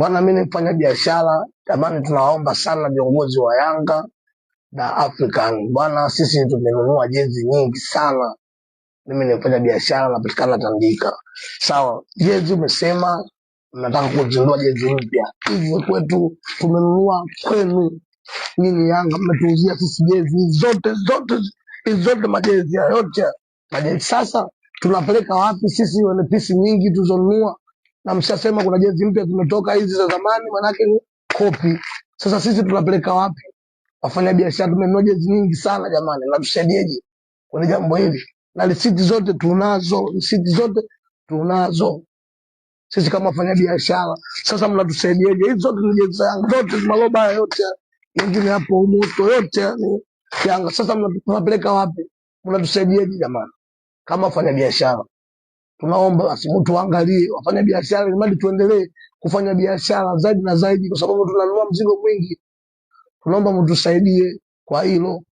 Bwana, mimi ni mfanya biashara, jamani, tunaomba sana viongozi wa Yanga na African. Bwana, sisi tumenunua jezi nyingi sana. Mimi ni mfanya biashara, napatikana Tandika. Sawa, jezi umesema mnataka kuzindua jezi mpya, hivyo kwetu tumenunua kwenu nini. Yanga, mmetuuzia sisi jezi zote zote zote, majezi yote majezi. Sasa tunapeleka wapi sisi wenye pisi nyingi tuzonunua na mshasema kuna jezi mpya zimetoka hizi za zamani, manake ni kopi. Sasa sisi tunapeleka wapi? Wafanya biashara tumenunua jezi nyingi sana jamani, na tusaidieje kwenye jambo hili? Na risiti zote tunazo, risiti zote tunazo sisi kama wafanya biashara. Sasa mnatusaidieje? Hizi zote ni jezi zangu zote, maloba yote mengine hapo moto yote ni Yanga. Sasa mnapeleka wapi? Mnatusaidieje jamani, kama wafanya biashara? tunaomba basi mtuangalie, wafanya biashara, imadi tuendelee kufanya biashara zaidi na zaidi, kwa sababu tunanunua mzigo mwingi. Tunaomba mtusaidie kwa hilo.